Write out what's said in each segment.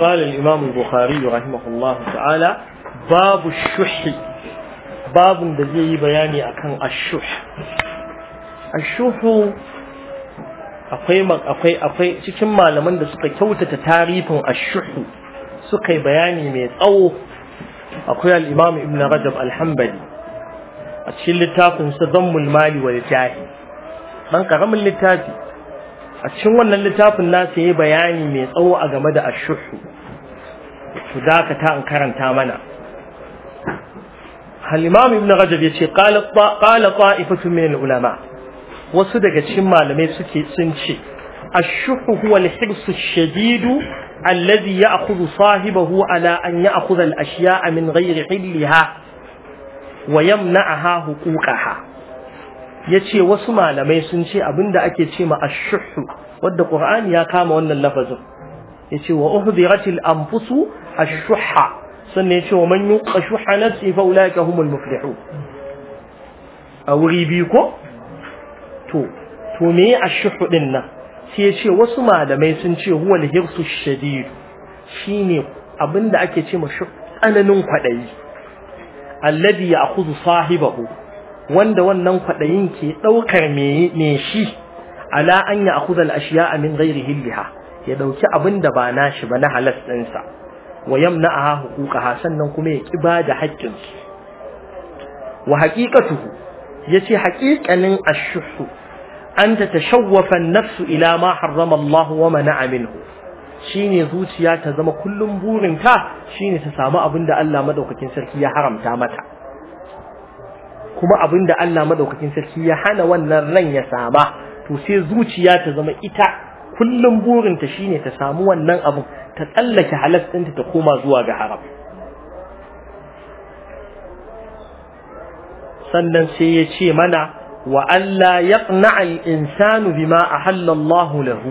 قال الإمام البخاري رحمه الله تعالى باب الشح باب دزي بياني أكن الشح الشح akwai akwai akwai cikin malaman da suka kyautata tarihin ashuhu suka bayani mai tsawo akwai al-Imam Ibn Rajab al a cikin littafin sa Dhammul Mali wal Jahi dan karamin littafi a cikin wannan littafin nasa yi bayani mai tsawo a game da ash-shuhu to zaka ta an karanta mana hal imam ibn rajab yace qala qala qa'ifatu min al ulama wasu daga cikin malamai suke sun ce ash ashuhu huwa al hibs ash-shadid alladhi ya'khudhu sahibahu ala an ya'khudha al-ashya'a min ghayri hilliha wa yamna'aha huquqaha yace wasu malamai sun ce abinda ake ce ma ashuhu wanda Qur'ani ya kama wannan lafazin yace wa uhdiratil anfusu ashuha sannan ya ce wa man yuqa shuhha nafsi fa ulaika humul muflihun a wuri biyu ko to to me ash ashuhu din nan sai yace wasu malamai sun ce huwa al-hirsu shadid shine abinda ake ce ma tsananin kwadayi alladhi ya'khudhu sahibahu wanda wannan kwaɗayin ke ɗaukar me shi ala an ya akuzal ashiya min ghairi hilliha ya ɗauki abin da ba shi ba na halas ɗinsa wa hukuka ha, sannan kuma ya ba da haƙƙinsu wa ya ce haƙiƙanin ashuhu an ta tashawwafa nafsu ila ma harrama Allah wa mana'a Aminu, shine zuciya ta zama kullum burinta shine ta samu abin da Allah madaukakin sarki ya haramta mata kuma abin da Allah madaukakin sarki ya hana wannan ran ya sama to sai zuciya ta zama ita kullum burinta shine ta samu wannan abin ta tsallake halas ɗinta ta koma zuwa ga haram sannan sai ya ce mana wa Allah ya al insanu bima ahalla Allahu lahu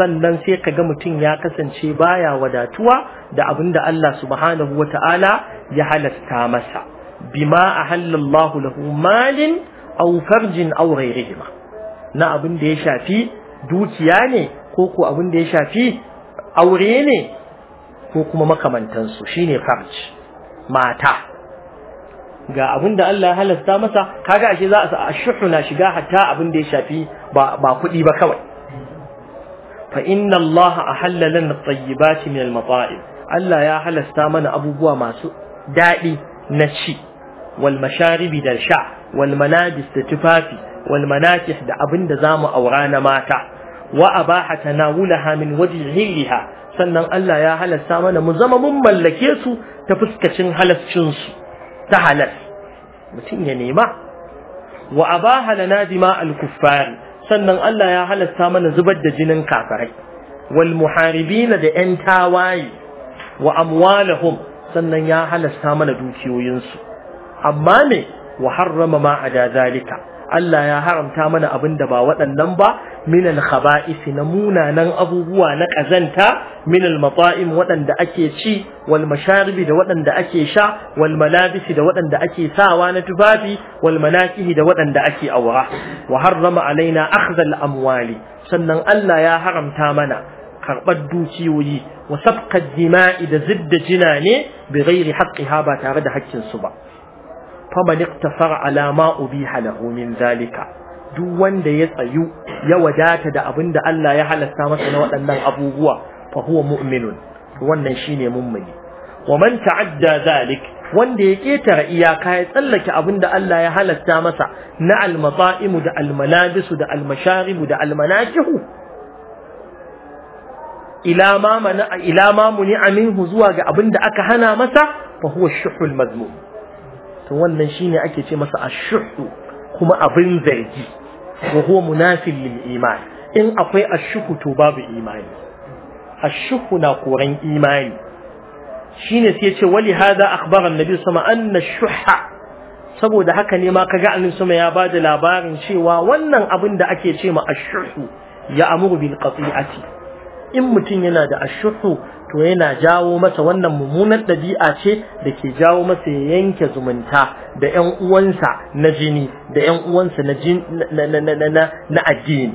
sannan sai kaga mutum ya kasance baya wadatuwa da da Allah subhanahu wata'ala ya halasta masa bima ahallallahu lahu malin aw farjin aw ghayrihima na abin da ya shafi dukiya ne ko ko abin da ya shafi aure ne ko kuma makamantansu shine farj mata ga abin da Allah ya halasta masa kaga ashe za a shuhuna na shiga hatta abin da ya shafi ba ba kuɗi ba kawai fa inna Allah ahalla lan at-tayyibati min al-mata'ib Allah ya halasta mana abubuwa masu dadi na ci wal masharibi da sha wal manabis da tufafi wal da abin da mu aura na mata wa abaha tanawulaha min wajhi hilliha sannan Allah ya halasta mana mu zama mun mallake su ta fuskacin halaccin su ta halal mutum ya nema wa abaha lana kuffari sannan Allah ya halasta mana zubar da jinin kakarai, wal muharibina da yan tawaye wa amwalahum sannan ya halasta mana dukiyoyinsu amma me wa harrama ma ada zalika Allah ya haramta mana abin da ba waɗannan ba minal khaba'isi na munanan abubuwa na ƙazanta minal mata'im waɗanda ake ci wal masharibi da waɗanda ake sha wal malabisi da waɗanda ake sawa na tufafi wal manakihi da waɗanda ake aura wa harrama alaina akhdhal amwali sannan Allah ya haramta mana karɓar dukiyoyi wa safkar jima'i da zidda jina ne bi ghairi haqqiha ba tare da haƙƙinsu ba فمن اقتصر على ما أبيح له من ذلك دو وند يسأيو يوداك دا أبن دا ألا يحل السامس نوات أنه أبو هو فهو مؤمن وان نشيني ممني ومن تعدى ذلك وان دي كيتر إياكا يسألك أبن دا ألا يحل السامس نع المطائم دا الملابس دا المشارب دا المناجه إلى ما, إلى ما منع منه زواج أبن دا أكهنا مسا فهو الشح المذموم to wannan shine ake ce masa ashuhu kuma abin zargi wa huwa munafil lil iman in akwai ashuhu to babu imani ashuhu na koran imani shine sai yace ce wali hada akhbara annabi sama anna shuha saboda haka ne ma kaga annabi sama ya bada labarin cewa wannan abin da ake ce ma ashuhu ya amuru bil qati'ati in mutum yana da ashuhu to yana jawo masa wannan mummunar ɗabi'a ce da ke jawo masa ya yanke zumunta da ƴan uwansa na jini da ƴan uwansa na na addini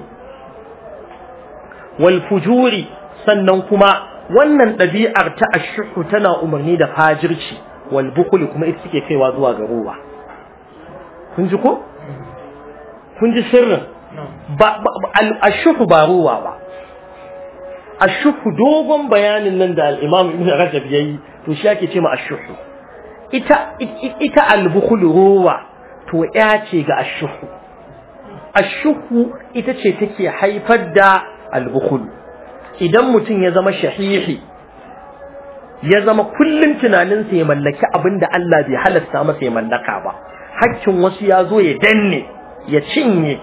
wal fujuri sannan kuma wannan ɗabi'ar ta ashuhu tana umarni da fajirci wal bukuli kuma ita take kaiwa zuwa ga ruwa kun ji ko kun ji sirrin ba ashuhu ba ruwa ba ashuhu dogon bayanin nan da al-imam ibn rajab yayi to shi yake cewa ashuhu ita ita al-bukhul ruwa to ya ce ga ashuhu ashuhu ita ce take haifar da al-bukhul idan mutum ya zama shahihi ya zama kullum tunanin tunaninsa ya mallaki abin da Allah bai halatta masa ya mallaka ba hakkin wasu ya zo ya danne ya cinye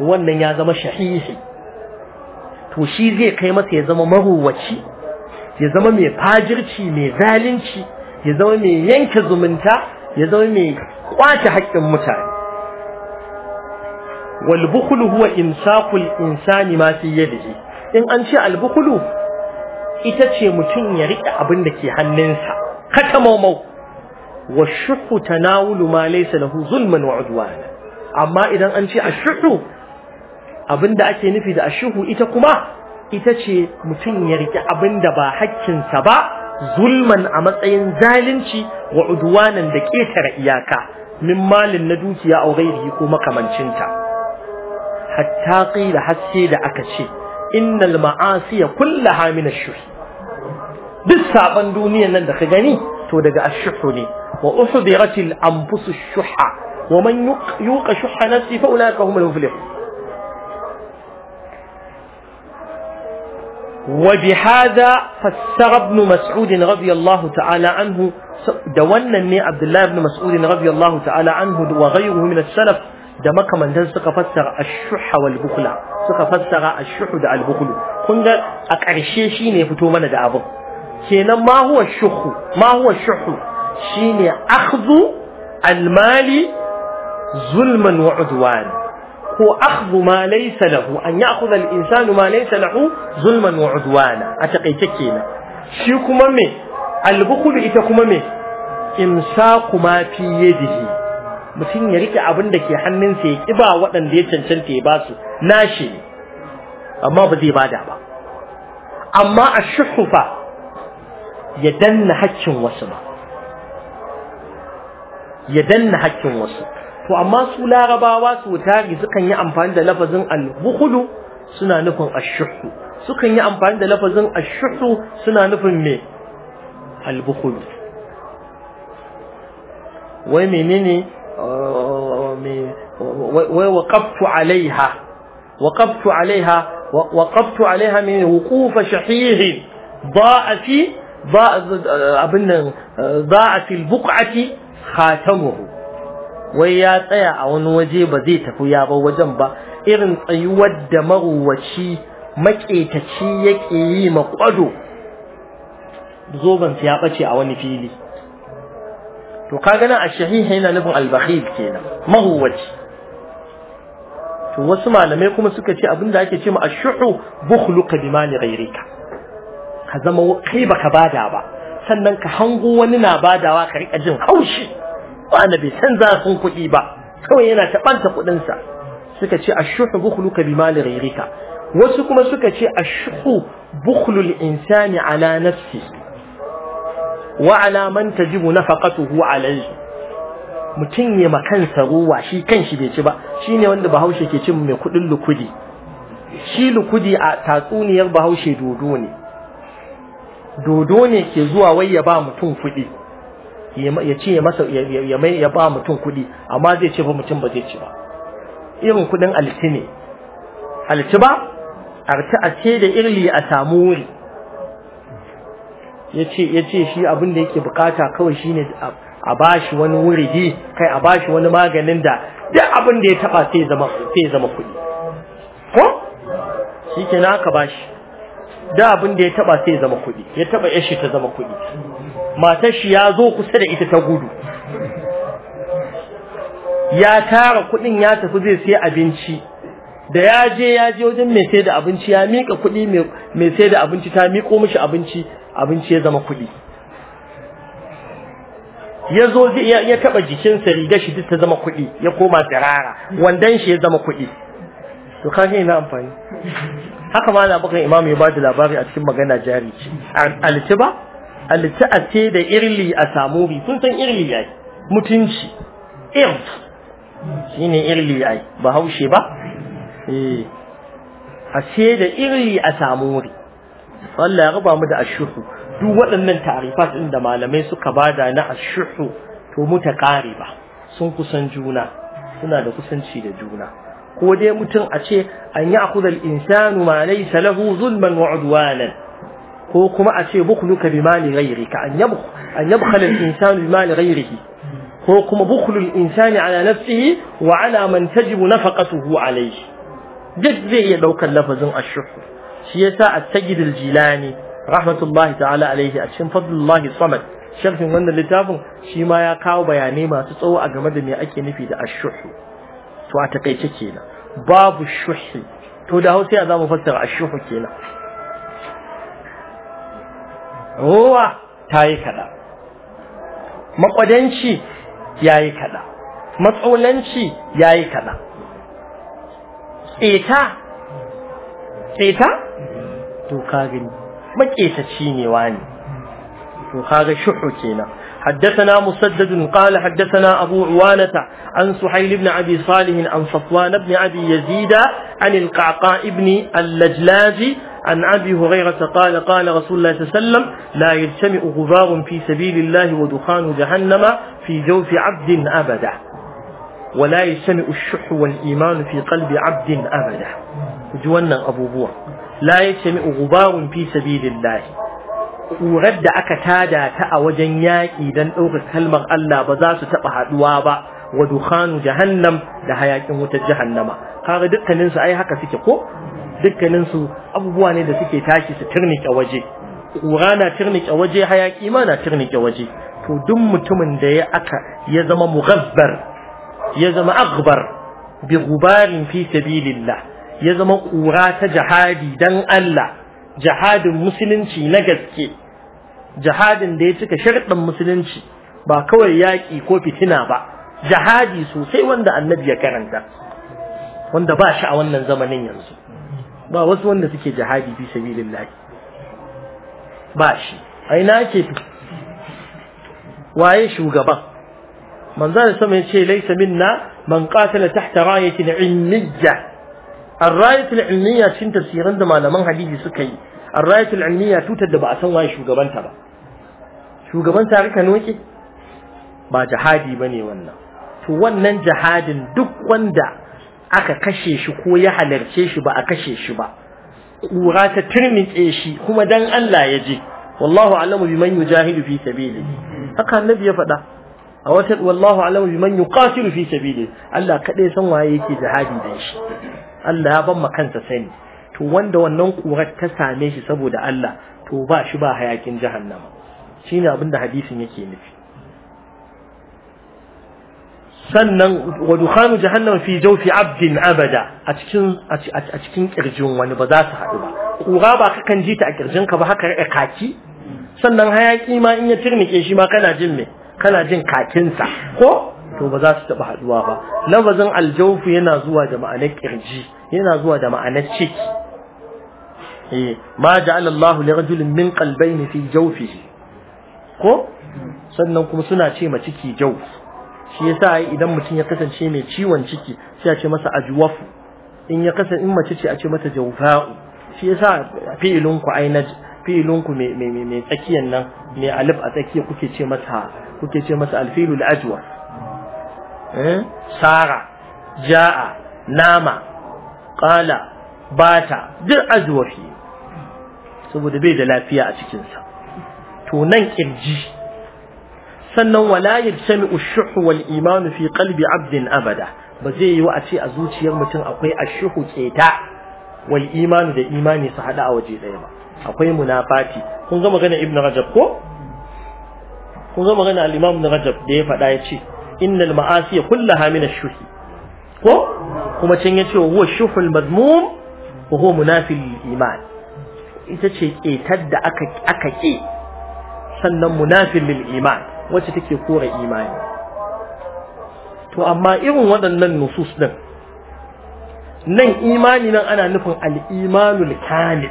wannan ya zama shahihi to shi zai kai masa ya zama maruwaci ya zama mai fajirci mai zalunci ya zama mai yanke zumunta ya zama mai kwace haƙƙin mutane wal bukhlu huwa insaqul insani ma fi yadihi in an ce al bukhlu ita ce mutum ya riƙe abin da ke hannunsa kata maumau wa shuhu tanawulu ma laysa lahu zulman wa udwana amma idan an ce ashuhu abinda ake nufi da ashuhu ita kuma ita ce mutum ya riƙe abinda ba haƙƙinsa ba zulman a matsayin zalunci wa udwanan da ƙetare iyaka min malin na dukiya a gairihi ko makamancinta hatta qila hasse da aka ce innal ma'asiya kullaha min ash-shuhi duk saban duniyan nan da ka gani to daga ash ne wa uhdirat al-anfus shuha wa man yuqa shuha nafsi fa ulaika humul muflihun وبهذا فسر ابن مسعود رضي الله تعالى عنه دوانا ني عبد الله بن مسعود رضي الله تعالى عنه وغيره من السلف da makamantan suka fassara ashuha wal bukhla suka fassara ashuhu da al bukhlu kun ga a ƙarshe shine fito mana da abin kenan ma huwa shuhu ma huwa shuhu shine akhdhu al mali zulman wa udwan هو أخذ ما ليس له أن يأخذ الإنسان ما ليس له ظلما وعدوانا أتقيتكينا شي كما مي البخل إتا كما مي إمساق ما في يده mutum ya rike abin da ke hannunsa ya ƙi ba waɗanda ya cancanta ya ba su nashi ne amma ba zai bada ba amma a shuhufa ya danna haƙƙin wasu ba ya danna haƙƙin wasu to amma su larabawa su tari sukan yi amfani da lafazin al bukhulu suna nufin ash-shuhu sukan yi amfani da lafazin ash-shuhu suna nufin me al bukhulu wai menene wai waqaftu alaiha waqaftu alaiha waqaftu alaiha min wuquf shahih ضاء في ضاء أبنى ضاء في البقعة خاتمه wai ya tsaya a wani waje ba zai tafi ya bar wajen ba irin tsayuwar da maruwaci maƙetaci yake yi maƙwado. kwado ya ɓace a wani fili to ka gana a shahiha yana nufin ke kenan maruwaci to wasu malamai kuma suka ce abinda ake ce ma buhlu ka bimani ghayrika ka zama kai baka bada ba sannan ka hango wani na badawa ka rika jin haushi wanda bai san zafin kuɗi ba kawai yana ta kuɗinsa suka ce ashuhu bukhluka mali ghayrika wasu kuma suka ce ashuhu bukhlul insani ala nafsi wa ala man tajibu nafaqatuhu alayhi mutum ya makansa ruwa shi kanshi bai ci ba shine wanda bahaushe ke cin mai kuɗin lukudi shi lukudi a tatsuniyar bahaushe dodo ne dodo ne ke zuwa wai ya ba mutum kuɗi ya ce ya masa ya ba mutum kuɗi amma zai ce ba mutum ba zai ci ba irin kuɗin alci ne alci ba arci a ce da irli a samu wuri ya ce shi abin da yake bukata kawai shine a bashi wani wuri wuridi kai a bashi wani maganin da duk abin da ya taba sai zama sai zama kuɗi ko shikenan aka bashi da abin da ya taba sai zama kuɗi ya taba shi ta zama kuɗi matar shi ya zo kusa da ita ta gudu ya tara kudin ya tafi zai sai abinci da ya je ya je wajen mai sai da abinci ya mika kudi mai sai da abinci ta miko mishi abinci abinci ya zama kudi ya zo ya taba jikinsa riga shi duk ta zama kudi ya koma tsirara wandan shi ya zama kudi to ka na amfani haka ma na bakan imam ya ba da labari a cikin magana jari ce alitiba alta'a ce da irli a samu bi kun san irli yayi mutunci irf shine irli yayi ba haushe ba eh a ce da irli a samu ri Allah ya raba mu da ashuhu duk waɗannan ta'arifat din da malamai suka bada na ashuhu to mutaqariba sun kusan juna suna da kusanci da juna ko dai mutum a ce an yi akudal insanu ma laysa lahu zulman wa udwanan ko kuma a ce bukhluka bi mali ghairi ka an yabkh an yabkhal al insanu bi mali ghairihi ko kuma bukhlu al insani ala nafsihi wa ala man tajibu nafaqatuhu alayhi duk zai iya daukar lafazin ashukr shi yasa at-tajid al jilani rahmatullahi ta'ala alayhi a cikin fadlullah samad sharhin wannan littafin shi ma ya kawo bayanai masu tsawo a game da me ake nufi da ashukr to a takeice kenan babu shuhi to da hausa ya zamu fassara ashukr kenan rowa ta yi kaɗa makwadanci ya yi kaɗa matsaunanci ya yi kaɗa ƙeta ƙeta doka gani maƙetaci ne wani to kaga shuhu kenan حدثنا مسدد قال حدثنا أبو عوانة عن سحيل بن أبي صالح عن صفوان بن أبي يزيد عن القعقاء بن اللجلاج عن أبي هريرة قال قال رسول الله صلى الله عليه وسلم لا يجتمع غبار في سبيل الله ودخان جهنم في جوف عبد أبدا ولا يجتمع الشح والإيمان في قلب عبد أبدا جوانا أبو بور لا يجتمع غبار في سبيل الله ƙurar da aka tada ta a wajen yaƙi don ɗaukar kalmar Allah ba za su taɓa haɗuwa ba wa dukhanu jahannam da hayaƙin wutar jahannama kaga dukkanin su ai haka suke ko dukkanin su abubuwa ne da suke tashi su turnike waje ƙura na turnike waje hayaƙi ma na turnike waje to duk mutumin da ya aka ya zama mughabbar ya zama aghbar bi fi sabilillah ya zama ƙura ta jihadi dan Allah jihadin musulunci na gaske jihadin da ya cika sharɗin musulunci ba kawai yaƙi ko fitina ba jihadi sosai wanda annabi ya karanta wanda ba shi a wannan zamanin yanzu ba wasu wanda suke jihadi fi sabilillahi ba shi aina na ke waye shugaban manzo da sama ce laysa minna man qatala tahta rayatin ilmiyya arrayatul ilmiya cin tafsiran da malaman hadisi suka yi arrayatul ilmiya tutar da ba a san waye shugabanta ba shugaban tarika noke ba jihadi bane wannan to wannan jihadin duk wanda aka kashe shi ko ya halarce shi ba a kashe shi ba kura ta turmitse shi kuma dan Allah ya je wallahu a'lamu biman yujahidu fi sabilihi haka annabi ya faɗa a wata wallahu a'lamu biman yuqatilu fi sabilihi Allah kaɗai san waye yake jihadi da shi Allah ya ban kansa sani to wanda wannan kurar ta same shi saboda Allah to ba shi ba hayakin jahannama shine abin da hadisin yake nufi sannan wa dukhanu jahannama fi jawfi abdin abada a cikin a cikin kirjin wani ba za su haɗu ba kura ba ka kan ji ta a kirjin ka ba haka rika kaki sannan hayaki ma in ya tirnike shi ma kana jin me kana jin kakinsa ko to ba za su taɓa haɗuwa ba lafazin aljawfu yana zuwa da ma'anar ƙirji yana zuwa da ma'anar ciki eh ma ja'ala Allahu li rajulin min qalbayni fi jawfihi ko sannan kuma suna ce ma ciki jawf shi yasa idan mutum ya kasance mai ciwon ciki sai a ce masa ajwafu in ya kasance in mace ce a ce mata jawfa'u shi yasa fi'ilun ku aina fi'ilun mai mai tsakiyan nan mai alif a tsakiya kuke ce masa kuke ce masa alfilul ajwa Eh? sara ja'a nama ƙala, bata duk azwafi saboda bai da lafiya a cikinsa to nan sannan wala yajtami ush-shuhu wal imanu fi kalbi 'abdin abada ba zai yi wa a ce a zuciyar mutum akwai ashuhu keta wal imanu da imani su hada a waje ɗaya ba akwai munafati kun ga magana Ibn rajab ko kun ga magana al-imam ibnu rajab da ya faɗa ya ce innal ma'asi kullaha min ash-shuhi ko kuma can yace huwa shuhul madmum wa huwa munafil iman ita ce ƙetar da aka aka ke sannan munafil lil iman wacce take kore imani to amma irin waɗannan nusus din nan imani nan ana nufin al-imanul kamil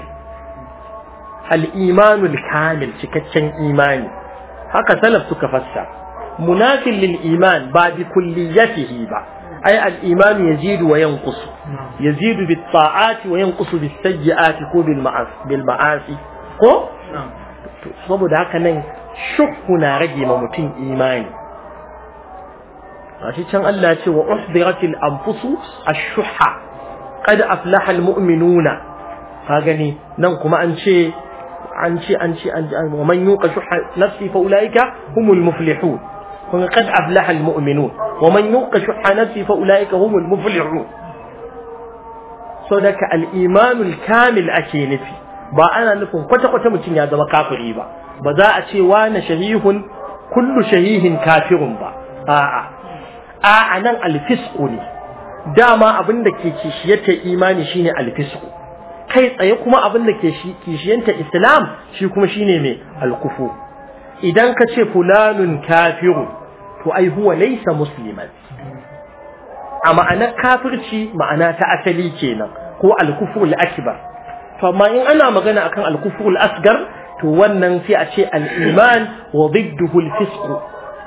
al-imanul kamil cikakken imani haka salaf suka fassara مناف للإيمان بعد كليته با أي الإيمان يزيد وينقص يزيد بالطاعات وينقص بالسيئات كو بالمعاصي كو saboda haka nan shukku na rage ma mutum imani gashi can Allah ce wa usdiratil anfusu ash-shuhha qad aflaha al-mu'minuna ka gani nan kuma an ce an ce an ce an ce wa man yuqa shuhha nafsi fa ulaika humul muflihun قد أفلح المؤمنون ومن يوق شح نفسه فأولئك هم المفلحون saudaka al'imanul kamil ake nufi ba ana nufin kwata-kwata mutum ya zama kafiri ba ba za a ce wane shahihun kullu shahihin kafirun ba a'a a'a nan alfisku ne dama abin da ke kishiyarta imani shine alfisku kai tsaye kuma abin da ke kishiyarta islam shi kuma shine mai alkufu idan ka ce fulanun kafiru to ai huwa laysa musliman a ma'anar kafirci ma'ana ta asali kenan ko al-kufrul akbar to amma in ana magana akan al-kufrul asgar to wannan sai a ce al-iman wa didduhu al-fisq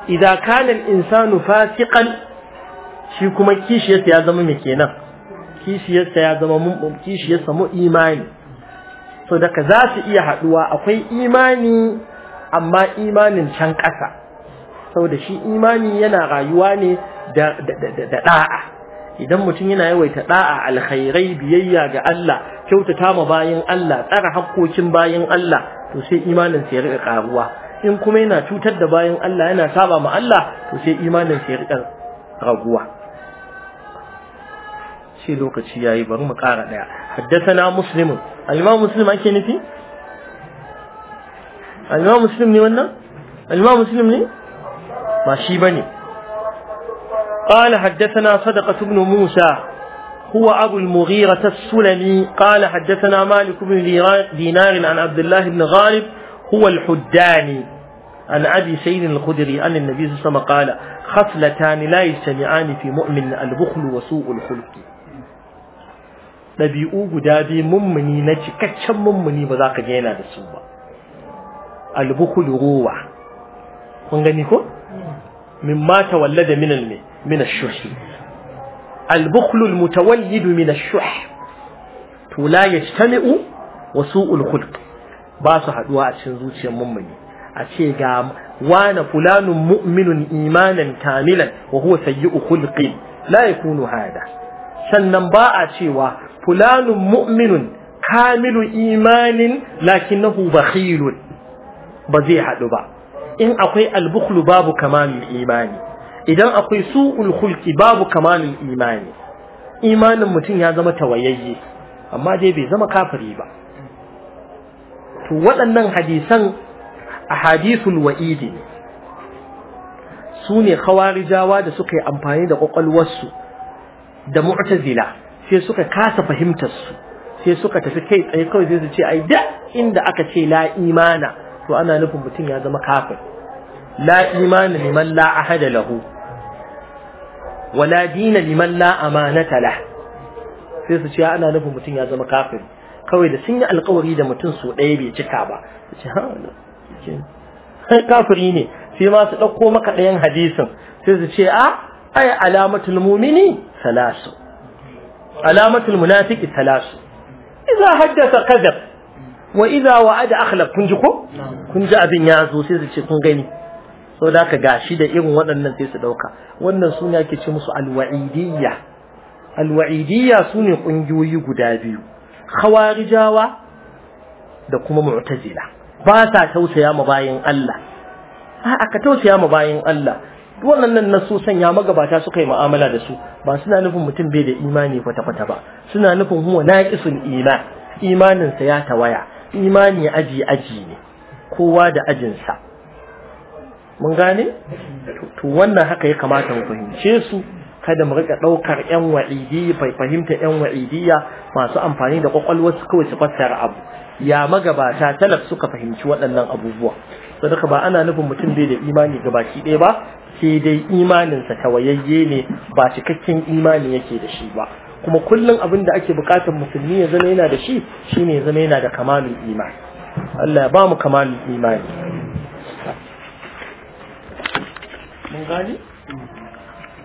idan kana al-insanu fasiqan shi kuma kishiyarsa ya zama me kenan kishiyarsa ya zama mun kishiyarsa mu imani so daga za su iya haduwa akwai imani amma imanin can ƙasa saboda shi imani yana rayuwa ne da ɗa'a idan mutum yana yawaita ɗa'a alkhairai biyayya ga Allah kyautata ma bayan Allah tsara hakkokin bayan Allah to sai imanin sai riƙa ƙaruwa in kuma yana cutar da bayan Allah yana saba ma Allah to sai imanin sai riƙa raguwa shi lokaci yayi bari mu ƙara ɗaya Haddasa na al-imam muslim ake nufi alima muslim ne wannan alima muslim ne ba shi قال حدثنا صدقة بن موسى هو أبو المغيرة السلمي قال حدثنا مالك بن دينار عن عبد الله بن غالب هو الحداني عن أبي سيد الخدري أن النبي صلى الله عليه وسلم قال خصلتان لا يجتمعان في مؤمن البخل وسوء الخلق نبي guda ممني mummuni na ممني بذاك ba za البخل روع kun gani ko mimma tawallada min al min ash-shuh al-bukhlu al-mutawallid min ash-shuh to la yajtami'u wa su'ul khulq ba su haduwa a cikin zuciyar mummuni a ce ga wana fulanun mu'minun imanan kamilan wa huwa sayyi'u khulqin la yakunu hada sannan ba a cewa fulanun mu'minun kamilun imanin lakinnahu bakhilun ba zai haɗu ba in akwai albukhlu babu kamalul imani idan akwai su'ul khulqi babu kamalul imani imanin mutum ya zama tawayayye amma dai bai zama kafiri ba to waɗannan hadisan ahadithul wa'idi su ne khawarijawa da suka yi amfani da ƙwaƙwalwarsu da mu'tazila sai suka kasa fahimtar su sai suka tafi kai tsaye kawai sai su ce ai da inda aka ce la imana to ana nufin mutum ya zama kafir la imana liman la ahada lahu wala dina liman la amanata lah sai su ce ana nufin mutum ya zama kafir kawai da sun yi alkawari da mutum su ɗaya bai cika ba su ce ha kafiri ne sai ma su ɗauko maka ɗayan hadisin sai su ce a ah, ai alamatul mumini salasu alamatul munafiki salasu idza haddatha kadhab wa idza wa'ada akhla kun ji ko kun ji abin ya zo sai su ce kun gani so da ka gashi da irin waɗannan sai su dauka wannan su ne ake ce musu alwa'idiyya alwa'idiyya su ne kungiyoyi guda biyu khawarijawa da kuma mu'tazila ba sa tausaya ma bayin Allah a ka tausaya ma bayin Allah wannan nan so sanya magabata suka yi mu'amala da su ba suna nufin mutum bai da imani kwata-kwata ba suna nufin huwa naqisul iman imaninsa ya tawaya imani aji aji ne kowa da ajinsa mun gane to wannan haka ya kamata mu fahimce su kada mu rika daukar yan wa'idi fahimta yan wa'idiya masu amfani da kwakwalwa su kawai su fassara abu ya magabata talaf suka fahimci waɗannan abubuwa sadaka ba ana nufin mutum bai da imani gabaki ɗaya ba sai dai imaninsa tawayayye ne ba cikakken imani yake da shi ba kuma kullum abin da ake bukatar musulmi ya zama yana da shi shine ya zama yana da kamalul imani Allah ya ba mu kamalul imani mun gani